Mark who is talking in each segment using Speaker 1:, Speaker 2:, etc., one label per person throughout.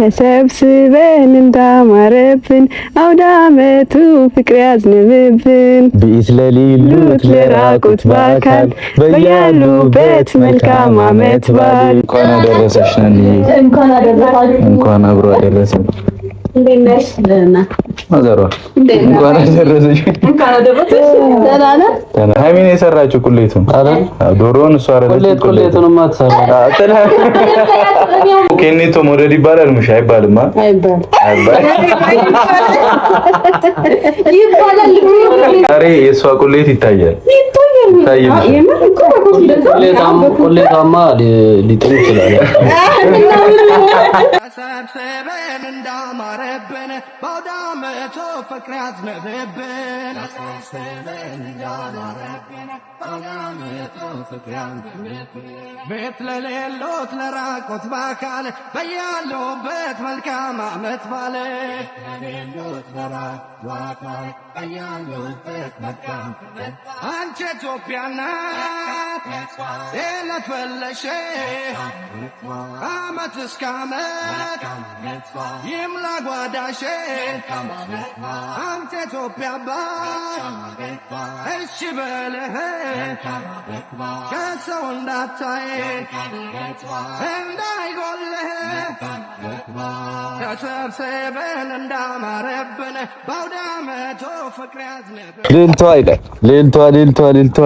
Speaker 1: ተሰብስበን እንዳማረብን አውደ ዓመቱ ፍቅር ያዝንብብን
Speaker 2: ብኢት ለሌሉት ለራቁት በአካል በያሉበት መልካም አመት በዓል እንኳን አደረሰሽ።
Speaker 1: እንኳን
Speaker 2: አብሮ አደረሰን። እንዴት ነሽ? ማዘሯ እንኳን ሀይሚን የሰራችው ቁሌቱን ዶሮውን እሷ ኬኔቶ መውደድ ይባላል። ሙሽ አይባልም። ዛሬ የእሷ ቁሌት ይታያል። ቁሌታማ ሊጥም ይችላል።
Speaker 1: agora é bem. فكرات مبين ቤት ለሌሎት ለራቆት ባካል በያለውበት መልካም አመት ባለ አንቺ ኢትዮጵያ ናት ጤነት ፈለሽ እስከ ዓመት ይምላ ጓዳሽ አንተ ኢትዮጵያ አባት እሺ በለህ ከሰው እንዳታይ እንዳይጎልህ ተሰብስበን እንዳማረብን በአውደ ፍቅር ያዝንብ
Speaker 2: ሌልቷ ይላል ሌልቷ ሌልቷ ሌልቷ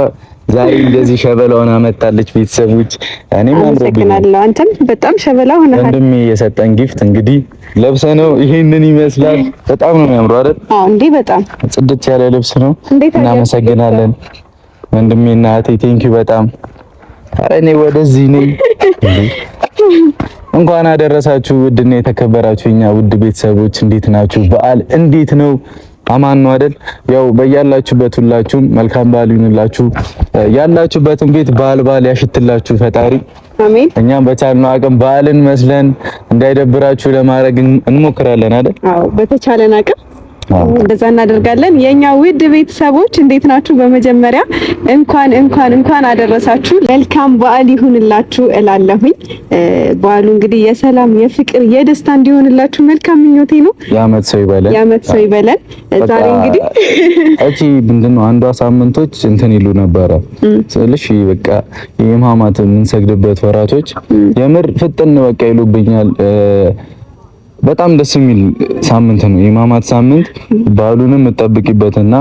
Speaker 2: ዛሬ እንደዚህ ሸበላውን አመጣለች። ቤተሰቦች እኔም
Speaker 1: አመሰግናለሁ። አንተም በጣም ሸበላ ሆነሃል።
Speaker 2: ወንድም የሰጠን ጊፍት እንግዲህ ለብሰ ነው ይሄንን ይመስላል። በጣም ነው የሚያምሩ አይደል?
Speaker 1: አዎ፣ እንዴ በጣም
Speaker 2: ጽድት ያለ ልብስ ነው። እናመሰግናለን ወንድሜ እና እህቴ ዩ በጣም አረ እኔ ወደዚህ ነኝ። እንኳን አደረሳችሁ ውድና የተከበራችሁ እኛ ውድ ቤተሰቦች እንዴት ናችሁ? በዓል እንዴት ነው? አማን ነው አይደል? ያው በያላችሁበት ሁላችሁም መልካም በዓል ይሁንላችሁ። ያላችሁበትን ቤት በዓል በዓል ያሽትላችሁ ፈጣሪ። አሜን። እኛም በቻልነው አቅም በዓልን መስለን እንዳይደብራችሁ ለማድረግ እንሞክራለን አይደል?
Speaker 1: አዎ፣ በተቻለን አቅም እንደዛ እናደርጋለን። የኛ ውድ ቤተሰቦች እንዴት ናችሁ? በመጀመሪያ እንኳን እንኳን እንኳን አደረሳችሁ። መልካም በዓል ይሁንላችሁ እላለሁኝ። በዓሉ እንግዲህ የሰላም የፍቅር፣ የደስታ እንዲሆንላችሁ መልካም ምኞቴ ነው።
Speaker 2: የዓመት ሰው ይበለን፣
Speaker 1: የዓመት ሰው ይበለን። ዛሬ እንግዲህ
Speaker 2: እቺ ምንድን ነው አንዷ ሳምንቶች እንትን ይሉ ነበረ ስልሽ በቃ የማማት የምንሰግድበት ወራቶች የምር ፍጥን በቃ ይሉብኛል በጣም ደስ የሚል ሳምንት ነው። የሕማማት ሳምንት ባሉንም የምጠብቅበትና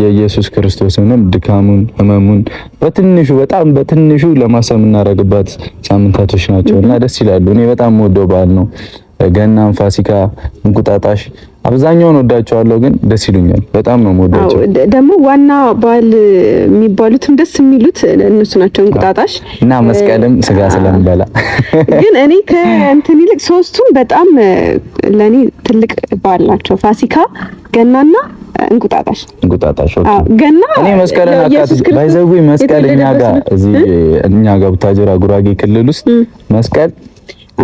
Speaker 2: የኢየሱስ ክርስቶስንም ድካሙን፣ ሕመሙን በትንሹ በጣም በትንሹ ለማሰብ የምናደርግበት ሳምንታቶች ናቸው እና ደስ ይላሉ። እኔ በጣም ወደው በዓል ነው። ገናም፣ ፋሲካ፣ እንቁጣጣሽ አብዛኛውን ወዳቸዋለሁ፣ ግን ደስ ይሉኛል። በጣም ነው የምወዳቸው።
Speaker 1: ደግሞ ዋና በዓል የሚባሉትም ደስ የሚሉት እነሱ ናቸው። እንቁጣጣሽ
Speaker 2: እና መስቀልም ስጋ ስለምበላ
Speaker 1: ግን እኔ ከእንትን ይልቅ ሶስቱም በጣም ለእኔ ትልቅ በዓል ናቸው። ፋሲካ፣ ገናና እንቁጣጣሽ። እንቁጣጣሽ እንቁጣጣሽ ገና
Speaker 2: እኔ መስቀልን አካት ባይዘው መስቀል እኛ ጋር እዚህ እኛ ጋ ቡታጅራ ጉራጌ ክልል ውስጥ መስቀል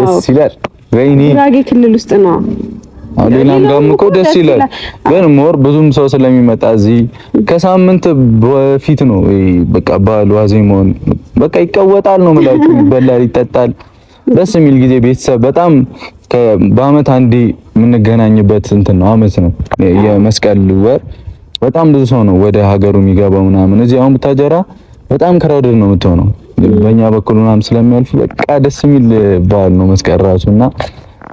Speaker 2: ደስ ይላል። ወይኔ
Speaker 1: ጉራጌ ክልል ውስጥ ነው
Speaker 2: ሌላም ጋም እኮ ደስ ይላል፣ ግን ሞር ብዙም ሰው ስለሚመጣ እዚህ ከሳምንት በፊት ነው በቃ ባሉ አዜሞን በቃ ይቀወጣል ነው ማለት ይበላል፣ ይጠጣል፣ ደስ የሚል ጊዜ ቤተሰብ በጣም በአመት አንዴ የምንገናኝበት እንትን ነው። አመት ነው የመስቀል ወር በጣም ብዙ ሰው ነው ወደ ሀገሩ የሚገባው ምናምን። እዚህ አሁን ብታጀራ በጣም ክራውድድ ነው የምትሆነው በእኛ በኩል ምናምን ስለሚያልፍ በቃ ደስ የሚል በዓል ነው መስቀል ራሱና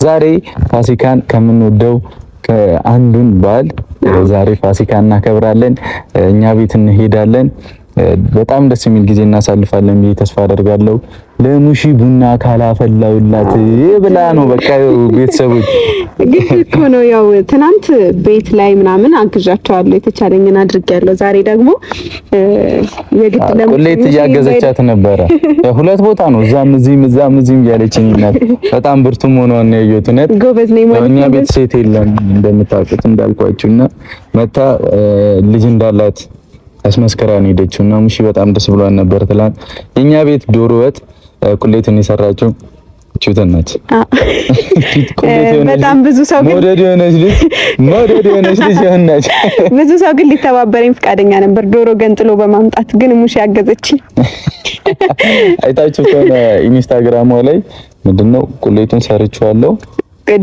Speaker 2: ዛሬ ፋሲካን ከምንወደው ከአንዱን በዓል ዛሬ ፋሲካ እናከብራለን። እኛ ቤት እንሄዳለን። በጣም ደስ የሚል ጊዜ እናሳልፋለን ብዬ ተስፋ አደርጋለሁ። ለሙሺ ቡና ካላፈላውላት ብላ ነው በቃ ቤተሰቦች
Speaker 1: ግድ እኮ ነው። ያው ትናንት ቤት ላይ ምናምን አግዣቸዋለሁ የተቻለኝን አድርጌያለሁ። ዛሬ ደግሞ የግድ
Speaker 2: ለቁሌት እያገዘቻት ነበረ። ሁለት ቦታ ነው እዛም እዚህም እዛም እዚህም እያለችኝ እናት በጣም ብርቱም ሆኗን ነው ያየሁት። እውነት ጎበዝ ነኝ ማለት ነው። እኛ ቤት ሴት የለም እንደምታውቁት እንዳልኳችሁና መታ ልጅ እንዳላት አስመስከራ ነው ሄደችው እና ሙሺ በጣም ደስ ብሏን ነበር። ትላንት የኛ ቤት ዶሮ ወጥ ቁሌትን የሰራችው ቹተናች
Speaker 1: በጣም ብዙ ሰው
Speaker 2: ግን ሞደድ የሆነች ልጅ ሞደድ የሆነች ልጅ ሆነች።
Speaker 1: ብዙ ሰው ግን ሊተባበረኝ ፈቃደኛ ነበር ዶሮ ገንጥሎ በማምጣት ግን ሙሺ ያገዘች።
Speaker 2: አይታችሁ ከሆነ ኢንስታግራሟ ላይ ምንድነው ቁሌቱን ሰርቼዋለሁ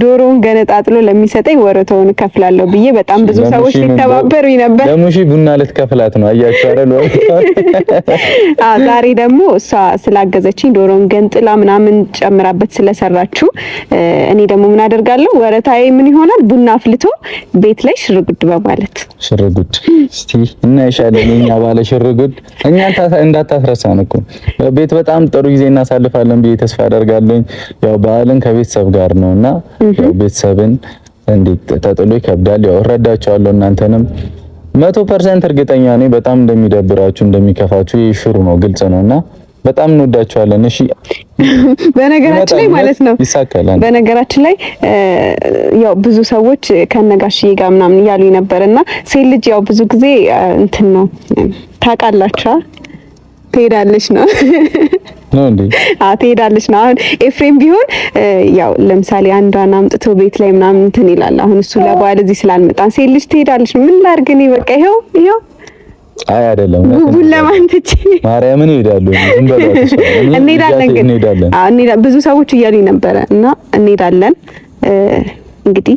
Speaker 1: ዶሮውን ገነጣጥሎ ለሚሰጠኝ ወረታውን እከፍላለሁ ብዬ በጣም ብዙ ሰዎች ሲተባበሩ ነበር።
Speaker 2: ለሙሺ ቡና ልትከፍላት ነው አያችሁ አይደል?
Speaker 1: አዎ። ዛሬ ደግሞ እሷ ስላገዘችኝ ዶሮውን ገንጥላ ምናምን ጨምራበት ስለሰራችሁ እኔ ደግሞ ምን አደርጋለሁ? ወረታዬ ምን ይሆናል? ቡና አፍልቶ ቤት ላይ ሽርጉድ በማለት
Speaker 2: ሽርጉድ። እስቲ እናይሻለን የኛ ባለ ሽርጉድ። እኛ እንዳታስረሳን እኮ ቤት በጣም ጥሩ ጊዜ እናሳልፋለን ብዬ ተስፋ አደርጋለሁ። ያው በዓልን ከቤተሰብ ጋር ነውና ቤተሰብን እንዴት ተጥሎ ይከብዳል። ያው እረዳቸዋለሁ። እናንተንም መቶ ፐርሰንት እርግጠኛ ነኝ በጣም እንደሚደብራችሁ እንደሚከፋችሁ ይሽሩ ነው፣ ግልጽ ነው እና በጣም እንወዳቸዋለን። እሺ
Speaker 1: በነገራችን ላይ ማለት ነው ይሳካላል። በነገራችን ላይ ያው ብዙ ሰዎች ከነጋሽዬ ጋር ምናምን እያሉ እና ሴት ልጅ ያው ብዙ ጊዜ እንትን ነው ታውቃላችሁ ትሄዳለች ነው ትሄዳለች ነው። አሁን ኤፍሬም ቢሆን ያው ለምሳሌ አንዷን አምጥቶ ቤት ላይ ምናምን እንትን ይላል። አሁን እሱ ለበዓል እዚህ ስላልመጣ ሴት ልጅ ትሄዳለች ነው። ምን ላድርግ እኔ በቃ ይኸው ይኸው አይ አይደለም፣ ጉጉን ለማንተች
Speaker 2: ማርያምን ይሄዳሉ።
Speaker 1: እንሄዳለን
Speaker 2: ግን
Speaker 1: ብዙ ሰዎች እያሉኝ ነበረ እና እንሄዳለን እንግዲህ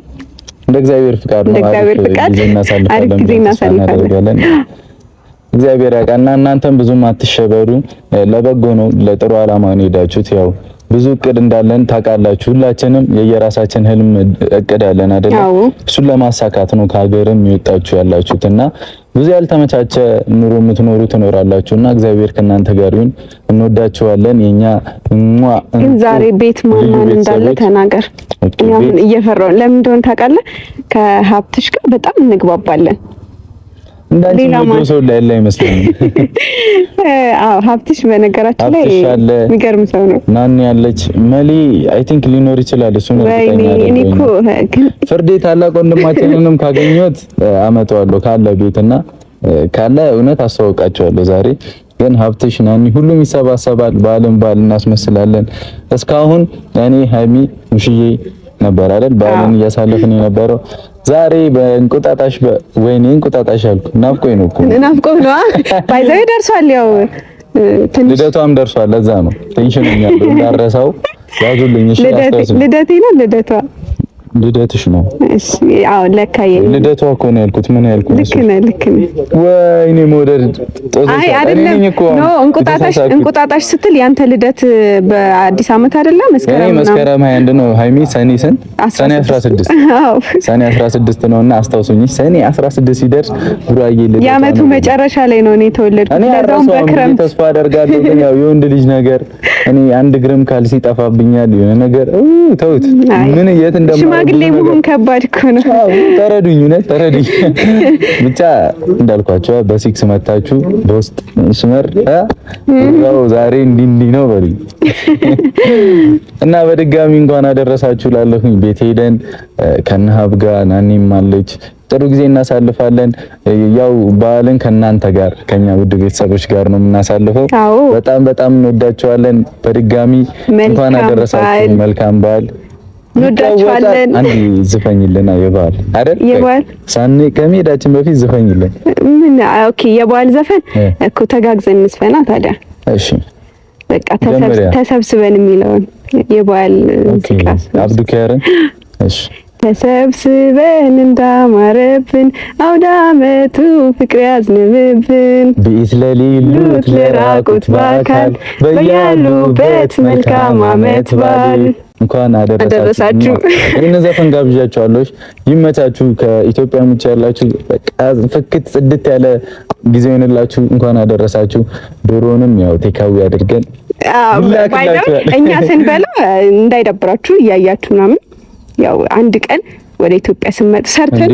Speaker 2: እንደ እግዚአብሔር ፍቃድ ነው።
Speaker 1: እንደ እግዚአብሔር ፍቃድ አሪፍ ጊዜ እናሳልፋለን።
Speaker 2: እግዚአብሔር ያውቃና እናንተም ብዙም አትሸበሩ። ለበጎ ነው፣ ለጥሩ አላማ ነው ሄዳችሁት። ያው ብዙ እቅድ እንዳለን ታውቃላችሁ። ሁላችንም የየራሳችን ህልም እቅድ አለን አይደል? እሱን ለማሳካት ነው ከሀገርም ይወጣችሁ ያላችሁት እና ብዙ ያልተመቻቸ ኑሮ የምትኖሩ ትኖራላችሁ እና እግዚአብሔር ከእናንተ ጋር ይሁን። እንወዳችኋለን። የኛ እንዋ
Speaker 1: ዛሬ ቤት ማማን እንዳለ ተናገር። እኛም እየፈራሁ ለምን እንደሆነ ታውቃለህ። ከሀብትሽ ጋር በጣም እንግባባለን
Speaker 2: እንዳንቺ ሰው ላይ ያለ አይመስለኝም።
Speaker 1: አዎ ሀብትሽ በነገራችን ላይ የሚገርም ሰው ነው።
Speaker 2: ናኒ ያለች መሊ አይ ቲንክ ሊኖር ይችላል። እሱ ፍርዴ ታላቅ ወንድማችንንም ካገኘሁት አመጣዋለሁ ካለ ቤትና ካለ እውነት አስተዋውቃቸዋለሁ ዛሬ ግን ሀብትሽ ናኒ ሁሉም ይሰባሰባል። በዓልን በዓል እናስመስላለን። እስካሁን እኔ ሀሚ ሙሽዬ ነበር አይደል በዓልን እያሳለፍን የነበረው ዛሬ በእንቁጣጣሽ ወይኔ እንቁጣጣሽ አልኩ። ናፍቆኝ ነው እኮ
Speaker 1: ናፍቆኝ ነው። ባይዘይ ደርሷል፣ ያው
Speaker 2: ትንሽ ልደቷም ደርሷል። ለዛ ነው ቴንሽን የሚያደርገው። ዳረሳው ያዙልኝ። እሺ
Speaker 1: ልደቴ ነው ልደቷ ልደትሽ ነው። እሺ አዎ፣ ለካ
Speaker 2: ልደቷ እኮ ነው ያልኩት። ምን ያልኩት?
Speaker 1: ልክ ነህ፣ ልክ ነህ።
Speaker 2: ወይኔ መውደድ
Speaker 1: አይ አይደለም፣ ኖ እንቁጣጣሽ፣ እንቁጣጣሽ ስትል ያንተ ልደት በአዲስ ዓመት አይደለም፣ መስከረም ነው።
Speaker 2: መስከረም 21 ነው ሃይሚ። ሰኔ ስንት? ሰኔ 16። አዎ ሰኔ 16 ነውና አስታውሱኝ። ሰኔ 16 ሲደርስ ጉራዬ
Speaker 1: ልደት የዓመቱ መጨረሻ ላይ ነው እኔ ተወለድኩት።
Speaker 2: ለዛውም በክረምት ተስፋ አደርጋለሁ። ያው የወንድ ልጅ ነገር እኔ አንድ ግርም ካልሲ ጠፋብኛል። የሆነ ነገር ተውት፣ ምን የት እንደማ
Speaker 1: ሽማግሌ መሆን ከባድ እኮ ነው።
Speaker 2: ተረዱኝ፣ እውነት ተረዱኝ። ብቻ እንዳልኳቸው በሲክስ መታችሁ በውስጥ መስመር ያው ዛሬ እንዲህ እንዲህ ነው በሉኝ እና በድጋሚ እንኳን አደረሳችሁ ላለሁኝ ቤት ሄደን ከነሀብ ጋር ናኒም አለች ጥሩ ጊዜ እናሳልፋለን። ያው በዓልን ከእናንተ ጋር ከኛ ውድ ቤተሰቦች ጋር ነው የምናሳልፈው። በጣም በጣም እንወዳቸዋለን። በድጋሚ
Speaker 1: እንኳን አደረሳችሁ።
Speaker 2: መልካም በዓል
Speaker 1: እንወዳችኋለን።
Speaker 2: አንድ ዝፈኝልና የበዓል አይደል? የበዓል ሳኔ ከመሄዳችን በፊት ዝፈኝልን።
Speaker 1: ምን ኦኬ፣ የበዓል ዘፈን እኮ ተጋግዘን እንስፈና ታዲያ። እሺ በቃ ተሰብስበን የሚለውን የበዓል
Speaker 2: ሙዚቃ አብዱ ከያረን። እሺ
Speaker 1: ተሰብስበን እንዳማረብን አውደ ዓመቱ ፍቅር ያዝንብብን
Speaker 2: ቤት ለሌሉት ለራቁት በአካል በያሉበት መልካም ዓመት በዓል እንኳን አደረሳችሁ። ግን ዘፈን ጋብዣችኋለሁ፣ ይመቻችሁ። ከኢትዮጵያ ውጭ ያላችሁ በቃ ፍክት ጽድት ያለ ጊዜ ይሆንላችሁ። እንኳን አደረሳችሁ። ዶሮንም ያው ቴካዊ አድርገን
Speaker 1: እኛ ስንበላ እንዳይደብራችሁ እያያችሁ ምናምን ያው አንድ ቀን ወደ ኢትዮጵያ ስመጥ ሰርተን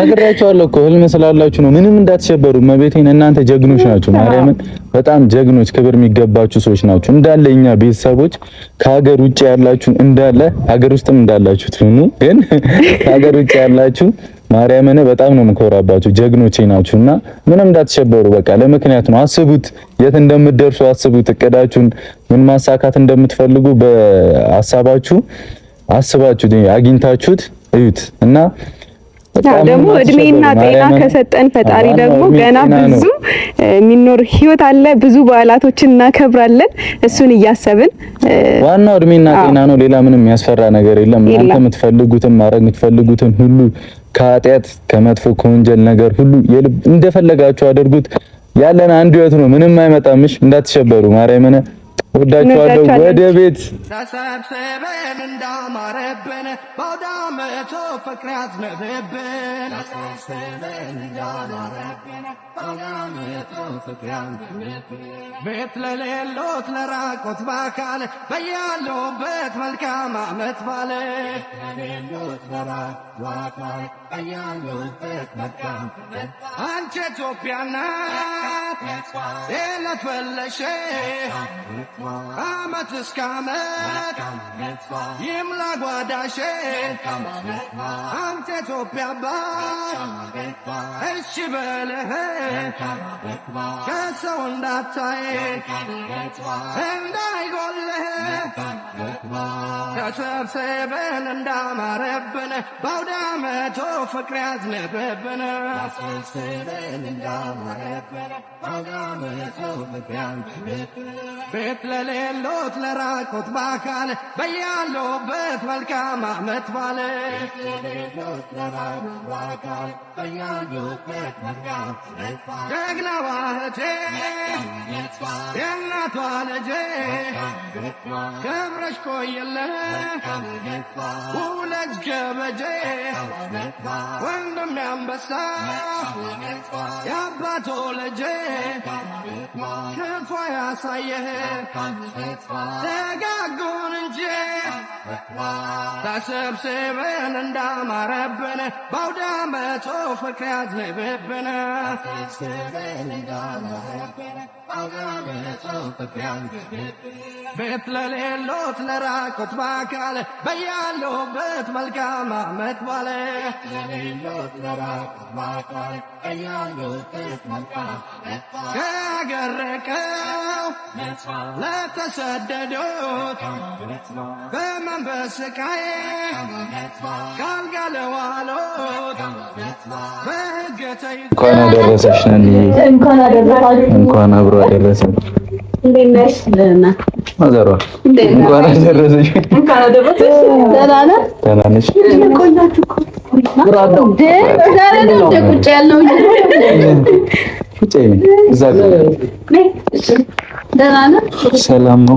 Speaker 2: ነግራቸዋለሁ እኮ ህልም ስላላችሁ ነው። ምንም እንዳትሸበሩ። መቤቴን፣ እናንተ ጀግኖች ናችሁ። ማርያምን በጣም ጀግኖች፣ ክብር የሚገባችሁ ሰዎች ናችሁ። እንዳለ እኛ ቤተሰቦች ከሀገር ውጭ ያላችሁ እንዳለ ሀገር ውስጥም እንዳላችሁ ትሆኑ፣ ግን ከሀገር ውጭ ያላችሁ ማርያምን በጣም ነው የምኮራባችሁ። ጀግኖቼ እና ምንም እንዳትሸበሩ። በቃ ለምክንያት ነው። አስቡት፣ የት እንደምትደርሱ አስቡት። እቅዳችሁን ምን ማሳካት እንደምትፈልጉ በሀሳባችሁ አስባችሁ አግኝታችሁት እዩት እና
Speaker 1: ደግሞ እድሜና ጤና ከሰጠን ፈጣሪ ደግሞ ገና ብዙ የሚኖር ህይወት አለ። ብዙ በዓላቶችን እናከብራለን። እሱን እያሰብን
Speaker 2: ዋናው እድሜና ጤና ነው። ሌላ ምንም የሚያስፈራ ነገር የለም። እናንተ የምትፈልጉትን ማድረግ የምትፈልጉትን ሁሉ ከኃጢአት ከመጥፎ ከወንጀል ነገር ሁሉ እንደፈለጋችሁ አድርጉት። ያለን አንድ ህይወት ነው። ምንም አይመጣምሽ። እንዳትሸበሩ ማርያምን ወዳችኋለሁ። ወደ ቤት
Speaker 1: ተሰብስበን እንዳማረብን በዳመቶ ፍቅር ያዝነብብን ቤት ለሌሎት ለራቆት በአካል በያለሁበት መልካም አመት ባለ አንቺ ኢትዮጵያና የዕለት መለሼ ዓመት እስከ ዓመት ይምላ ጓዳሸ አንተ ኢትዮጵያ አባት እሺ በልህ ከሰው እንዳታይ እንዳይጎልህ ተሰብስበን እንዳማረብን በአውደ አመቶ ፍቅር ያዝንብብን ቤት ለሌሎት ለራቁት በአካል በያሉበት መልካም ዓመት ባለ ጀግናዋ እህቴ የእናቷ ልጄ ክብረሽ ቆየለ ውለጅ ገበጄ ወንድም ያንበሳ የአባቶ ልጄ ክፏ ያሳየህ ደጋጎን እንጂ ተሰብስበን እንዳማረብን በአውደ ዓመቱ ፍቅር ያዝንብብን ቤት ለሌሎት ለራቁት በአካል በያሉበት መልካም አመት ባለ ከአገር ለተሰደዱት በስቃይ እንኳን አደረሰሽ
Speaker 2: እንኳን አብሮ አደረሰን። እንኳን አደረሰሽ። ደህና ነሽ?
Speaker 1: ቁጭ ያለው
Speaker 2: ሰላም ነው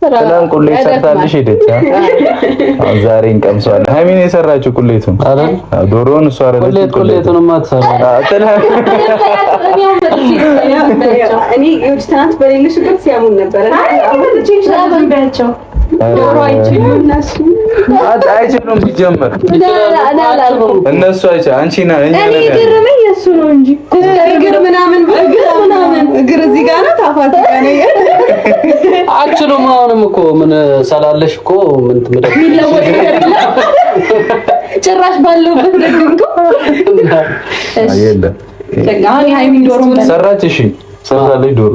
Speaker 2: ትናንት ቁሌት ሰርታልሽ ሄደች። ዛሬ ቀምሷል። ሀይሚን የሰራችው ቁሌቱን አይደል? ዶሮውን እሷ አይደለች። ቁሌቱን ማትሰራ
Speaker 1: እኔ ትናንት በሌለሽበት ሲያሙን ነበረ አይችሉም።
Speaker 2: ሲጀመር እነሱ አይቻ አንቺ ና እኔ
Speaker 1: ግርመኝ እሱ ነው እንጂ እግር ምናምን እግር ምናምን እግር እዚህ ጋር ነው። ታፋት
Speaker 2: አችሉም። አሁንም እኮ ምን ሰላለሽ እኮ ምን
Speaker 1: ጭራሽ ባለውበት ደግንኩ
Speaker 2: ሰራች። እሺ ሰራለች ዶሮ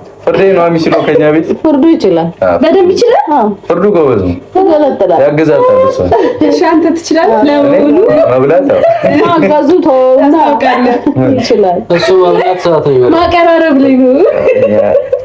Speaker 2: ፍርዴ ነው የሚችለው። ከኛ ቤት
Speaker 1: ፍርዱ ይችላል፣ በደንብ ይችላል።
Speaker 2: ፍርዱ ጎበዝ ነው፣ ያገዛታል።
Speaker 1: እሺ አንተ ትችላለህ? ለሙሉ ተውና ይችላል።
Speaker 2: እሱ ሰዓት
Speaker 1: ማቀራረብ ላይ ነው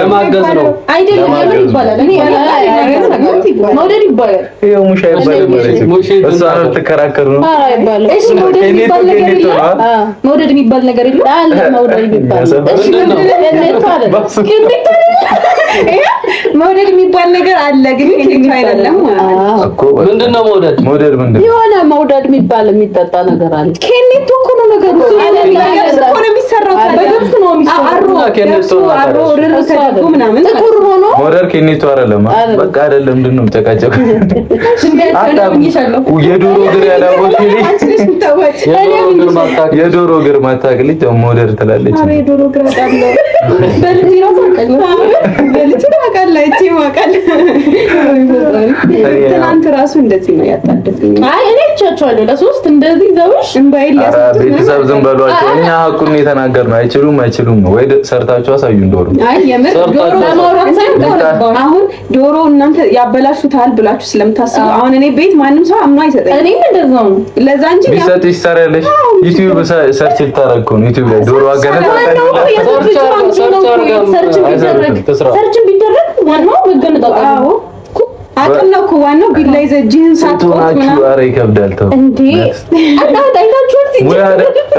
Speaker 2: ለማገዝ ነው
Speaker 1: አይደለም። ይባላል? እኔ ይባላል። መውደድ የሚባል ነገር
Speaker 2: የለም።
Speaker 1: መውደድ የሚባል እሺ መውደድ የሚባል ነገር አለ፣ ግን አይደለም
Speaker 2: ምንድን ነው መውደድ? መውደድ ምንድን
Speaker 1: ነው? የሆነ መውደድ የሚባል የሚጠጣ ነገር አለ። ኬኔቶ እኮ ነው ነገሩ። ጥቁር ሆኖ
Speaker 2: መውደድ ኬኔቶ አይደለም። በቃ አይደለም። ምንድን ነው የምጨቃጨቀው? የዶሮ እግር ልጅ፣ የዶሮ እግር ማታውቅ ልጅ መውደድ ትላለች።
Speaker 1: ልጅ ታውቃለህ፣ እቺ ታውቃለህ። ትናንት ራሱ እንደዚህ ነው ያጣደፍኝ። አይ እኔ አይቻቸዋለሁ። ለሶስት እንደዚህ ዘውሽ እንባይል
Speaker 2: ያሰጡት ቤተሰብ ዝም በሏቸው። እኛ ሀቁን የተናገርነው አይችሉም አይችሉም ነው ወይ ሰርታችሁ አሳዩ። ዶሮ
Speaker 1: አይ የምር ዶሮ ለማውራት ሳይሆን አሁን ዶሮ እናንተ ያበላሹታል ብላችሁ ስለምታስቡ አሁን እኔ ቤት ማንም ሰው አምኖ አይሰጠኝ። እኔ እንደዛው ነው። ለዛ እንጂ
Speaker 2: ቢሰጥሽ ሰራለሽ ዩቲዩብ ሰርች ልታረግኩ ነው። ዩቲዩብ ላይ
Speaker 1: ዶሮ አገነት ሰርች ቢደረግ ሰርች ቢደረግ ዋናው መገነጣጠል አቅም ነው እኮ ዋናው ቢላ ይዘህ እጅህን
Speaker 2: ሳትቆርጥ ምናምን። ይከብዳል። ተው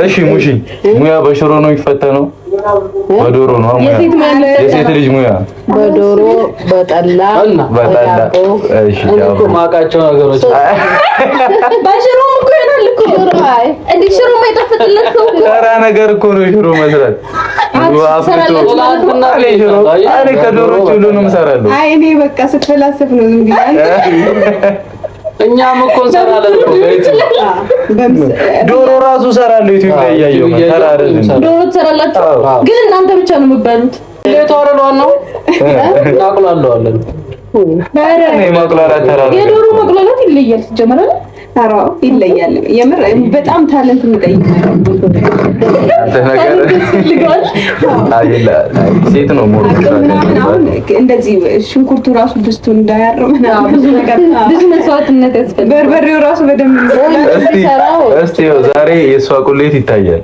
Speaker 2: እሺ። ሙሽኝ ሙያ በሽሮ ነው የሚፈተነው? በዶሮ ነው ሙያ። የሴት ልጅ ሙያ
Speaker 1: በዶሮ በጠላ በጠላ። እሺ እኮ ነገሮች በሽሮ እንዴ ሽሮ የማይጣፍጥለት ሰው
Speaker 2: ተራ ነገር እኮ ነው። ሽሮ መስራት እኔ ከዶሮች ሁሉንም እሰራለሁ።
Speaker 1: አይ እኔ በቃ ስትፈላሰፍ ነው ዝም ብዬ
Speaker 2: እኛም እኮ እንሰራለን። ዶሮ ራሱ እሰራለሁ። ኢትዮጵያ እያየሁ ተራ አይደለም።
Speaker 1: ዶሮ ትሰራላችሁ ግን እናንተ ብቻ ነው የምትበሉት። ተዋረዷን ነው
Speaker 2: እናቁላለዋለን።
Speaker 1: የዶሮ ማቁላላት ይለያል ጀመራል ይለያል። የምር በጣም ታለንት የምጠይቅ ነው። እንደዚህ ሽንኩርቱ ራሱ ድስቱ እንዳያር ብዙ መስዋዕትነት ያስፈልጋል። በርበሬው ራሱ በደንብ
Speaker 2: ዛሬ የእሷ ቁሌት ይታያል።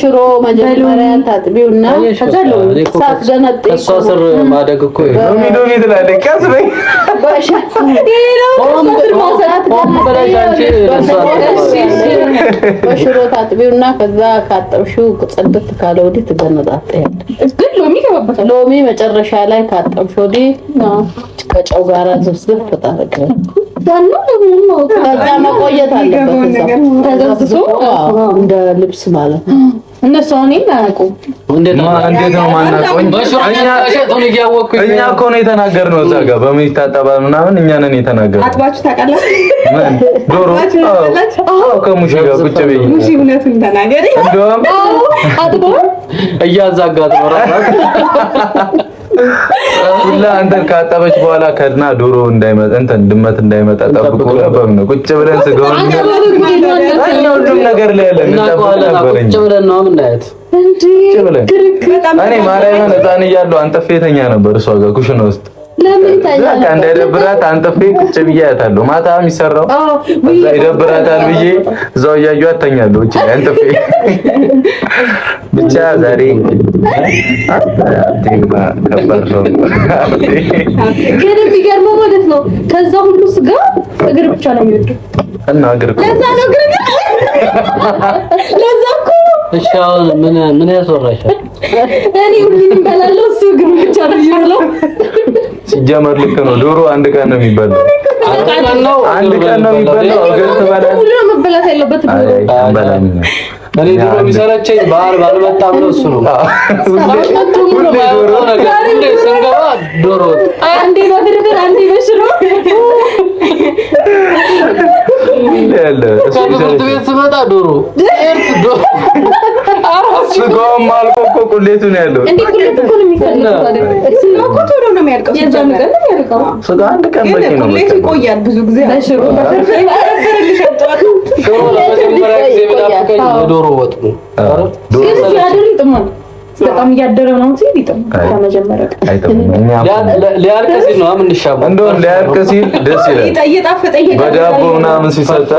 Speaker 1: ሽሮ መጀመሪያ ታጥቢውና ማደግ እኮ በሽሮ ታጥቢውና ከዛ ካጠብሽው ጽድት ካለ ወዲህ ትገነጣጠያለሽ ግን ሎሚ ሎሚ መጨረሻ ላይ ካጠብሽ ወዲህ ከጨው ጋር ዝብዝብ ታደርግ። ከዛ መቆየት አለበት እንደ ልብስ ማለት ነው። እነሱ እኔን አያውቁም።
Speaker 2: እንዴት ነው የማናውቀው? እኛ እኮ ነው የተናገርነው። እዛ ጋር በምን ይታጠባል ምናምን እኛ ነን የተናገርነው።
Speaker 1: አጥባችሁ ታውቃላችሁ? ሁላ አንተን ካጠበች በኋላ ከድና ዶሮ እንዳይመጣ እንትን ድመት እንዳይመጣ ጠብቆ ነበር ነው። ቁጭ ብለን ስጋውን ሁሉም ነገር ላይ ያለ እንጠብቅ ነበር እንጂ ቁጭ ብለን ነው የምናያት። ቁጭ ብለን እኔ ማርያምን ሕፃን እያለሁ አንተ ፌተኛ ነበር እሷ ጋር ኩሽና ውስጥ እንዳይደብራት አንጥፌ ቁጭ ብዬ አያታለሁ። ማታ የሚሰራው እዛ ይደብራታል ብዬ እዛው እያዩ አተኛለሁ። እቺ አንጥፌ ብቻ ዛሬ ከባድ ነው፣ ግን የሚገርመው ማለት ነው ከዛ ሁሉ ስጋ እግር ብቻ ነው የሚወደው እና እግር ለዛ ነው እግር ለዛ እኮ እሺ አሁን ምን ምን ያስወራሻል? እኔ ሁሉንም በላለው እሱ እግር ብቻ ነው የሚበላው ሲጀመር ልክ ነው። ዶሮ አንድ ቀን ነው የሚበላው፣ አንድ ቀን ነው የሚበላው። ግን መበላት ያለበት ዶሮ ነው ዶሮ አንዴ በፍርፍር አንዴ በሽሮ ትምህርት ቤት ስመጣ ዶሮ ስጋውም አልቆ እኮ ቁሌቱ ነው ያለው። ስጋ አንድ ቀን በቂ ነው። ቁሌቱ ይቆያል ብዙ ጊዜ ዶሮ ወጥ በጣም እያደረ ነው እንጂ ከመጀመሪያ ሊያልቅ ሲል ነው እንደውም ሊያልቅ ሲል ደስ ይላል። በዳቦ ምናምን ሲሰጠ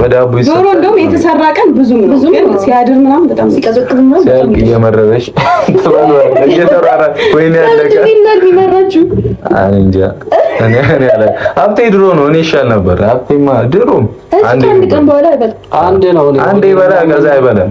Speaker 1: በዳቦ ይሰጠ ዶሮ እንደውም የተሰራ ቀን ብዙ ግን ሲያድር ምናምን በጣም ሲቀዘቅዝ ነው ሲያልቅ እየመረረሽ ወይኔ ያለቀ እንጃ ሀብቴ ድሮ ነው እኔ ይሻል ነበር። ሀብቴማ ድሮም አንዴ ነው አንዴ በላ ከዛ አይበላም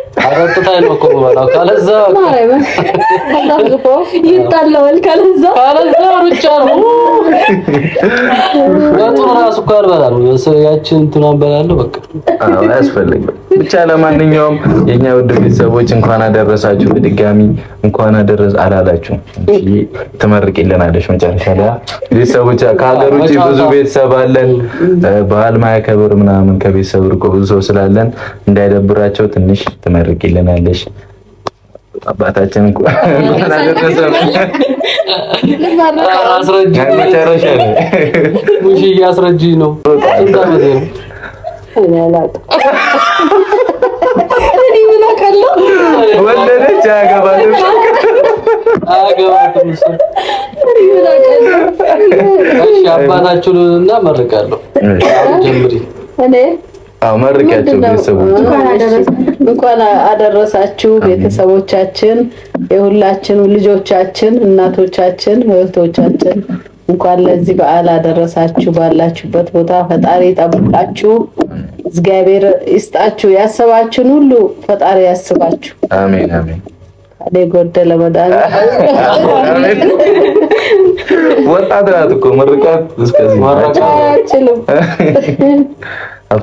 Speaker 1: አጠጥታኝ ነው እኮ የምበላው። ካለዛ ካለዛ ካለዛ ሩጫ ነው። እኮ አልበላም። ያችን እንትን አንበላለሁ። በቃ አዎ፣ አያስፈልግም። ብቻ ለማንኛውም የኛ ውድ ቤተሰቦች እንኳን አደረሳችሁ። በድጋሚ እንኳን አደረስ አላላችሁ እንጂ ትመርቂልናለሽ መጨረሻ ላይ ቤተሰቦች። ከሀገር ውጭ ብዙ ቤተሰብ አለን፣ ባህል ማያከብር ምናምን ከቤተሰብ ርቆ ብዙ ሰው ስላለን እንዳይደብራቸው ትንሽ ትመ ትመርቅልናለሽ። አባታችን እያስረጅ ነው። ወለደች አያገባትም። መርቃለሁ ጀምሪ መርቂያቸው ቤተሰቦች እንኳን አደረሳችሁ። ቤተሰቦቻችን የሁላችን ልጆቻችን፣ እናቶቻችን፣ እህቶቻችን እንኳን ለዚህ በዓል አደረሳችሁ። ባላችሁበት ቦታ ፈጣሪ ጠብቃችሁ እግዚአብሔር ይስጣችሁ። ያሰባችሁን ሁሉ ፈጣሪ ያስባችሁ። አሜን አሜን። እኔ ጎደለ መዳን ወጣት ናት እኮ መርቃት እስከዚህ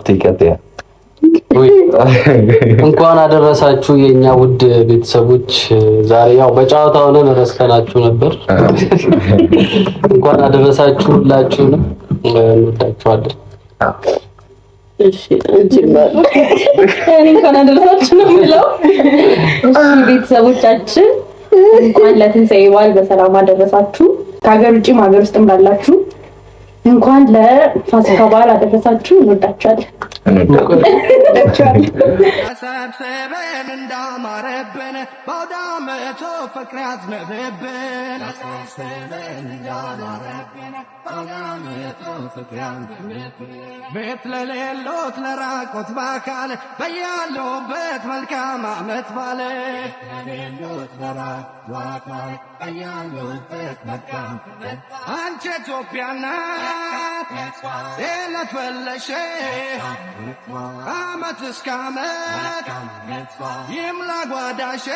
Speaker 1: እንኳን አደረሳችሁ የእኛ ውድ ቤተሰቦች። ዛሬ ያው በጨዋታ ሆነን ረስተናችሁ ነበር። እንኳን አደረሳችሁ ሁላችሁንም፣ እንወዳችኋለን። እንኳን አደረሳችሁ ነው የሚለው። እሺ ቤተሰቦቻችን እንኳን ለትንሣኤ በዓል በሰላም አደረሳችሁ። ከሀገር ውጭም ሀገር ውስጥም ላላችሁ እንኳን ለፋሲካ በዓል አደረሳችሁ። እንወዳችኋለን። በአውዳመቶ ፍቅር ያዝንብብን ቤት ለሌሎት ለራቆት በአካል በያለውበት መልካም አመት ባለ አንቺ ኢትዮጵያ ናት የዕለት እስከ ዓመት ይምላ ጓዳሼ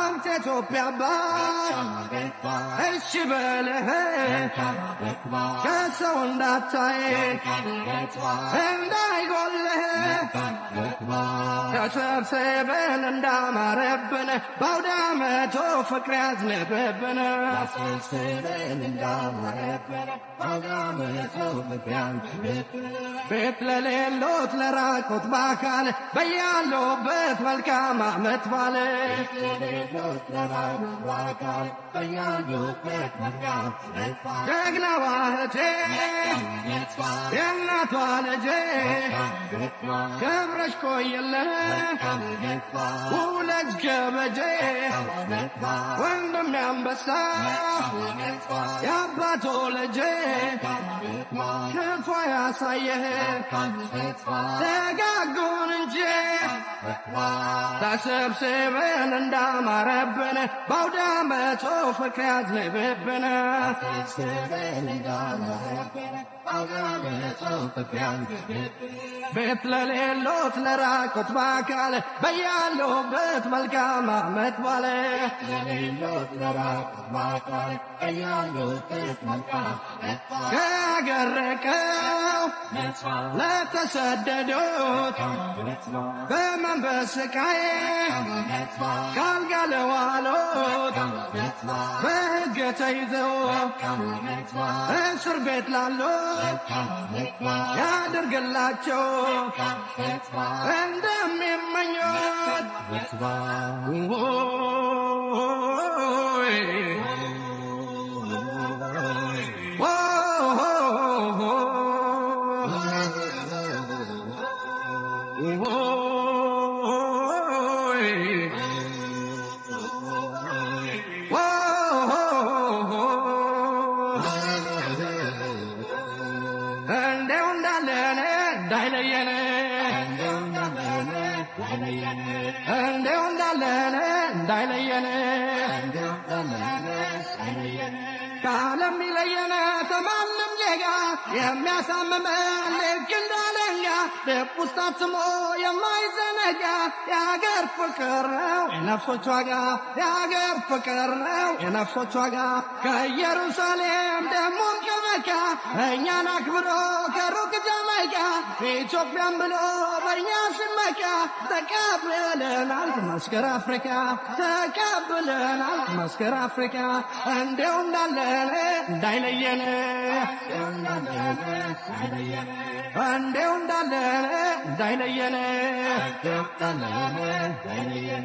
Speaker 1: አንተ ኢትዮጵያ አባት እሺ በለህ ከሰው እንዳታይ እንዳይጎልህ ተሰብስበን እንዳማረብን በአውደ ዓመቱ ፍቅር ያዝንብብን ቤት ለሌሎት ለራቁት በአካል በያሉበት መልካም ዓመት ባለ ጀግናዋ እህቴ የእናቷ ልጄ ሁለት ገበዴ ወንድም ያንበሳ የአባቶ ልጄ ክፉ ያሳየህ ደጋጎን እንጂ ተሰብስበን እንዳማረብን በአውደ ዓመቱ ፍቅር ያዝንብብን ቤት ለሌሎት ለራቁት በአካል በያሉበት መልካም ዓመት ባለ ከአገር ርቀው ለተሰደዱት በመን በስቃይ ካልጋ ለዋሉት በሕግ ተይዘው እስር ቤት ላሉት ያድርግላቸው እንደሚመኙት እንዴው እንዳለን እንዳይለየን ከዓለም ይለየን ከማንም ዜጋ የሚያሳምመን ልክ እንዳለኛ ልብ ውስጥ አትሞ የማይዘነጋ የአገር ፍቅር ነው የነፍሶች ዋጋ የአገር ፍቅር ነው የነፍሶች ዋጋ ከኢየሩሳሌም ደሞም ከመካ እኛን አክብሮ ከሩቅ ኢትዮጵያን ብሎ በእኛ ስመካ ተቀብለናል መስከረ አፍሪካ ተቀብለናል መስከረ አፍሪካ እንደው እንዳለን እንዳይለየን እንደው እንዳለን እንዳይለየን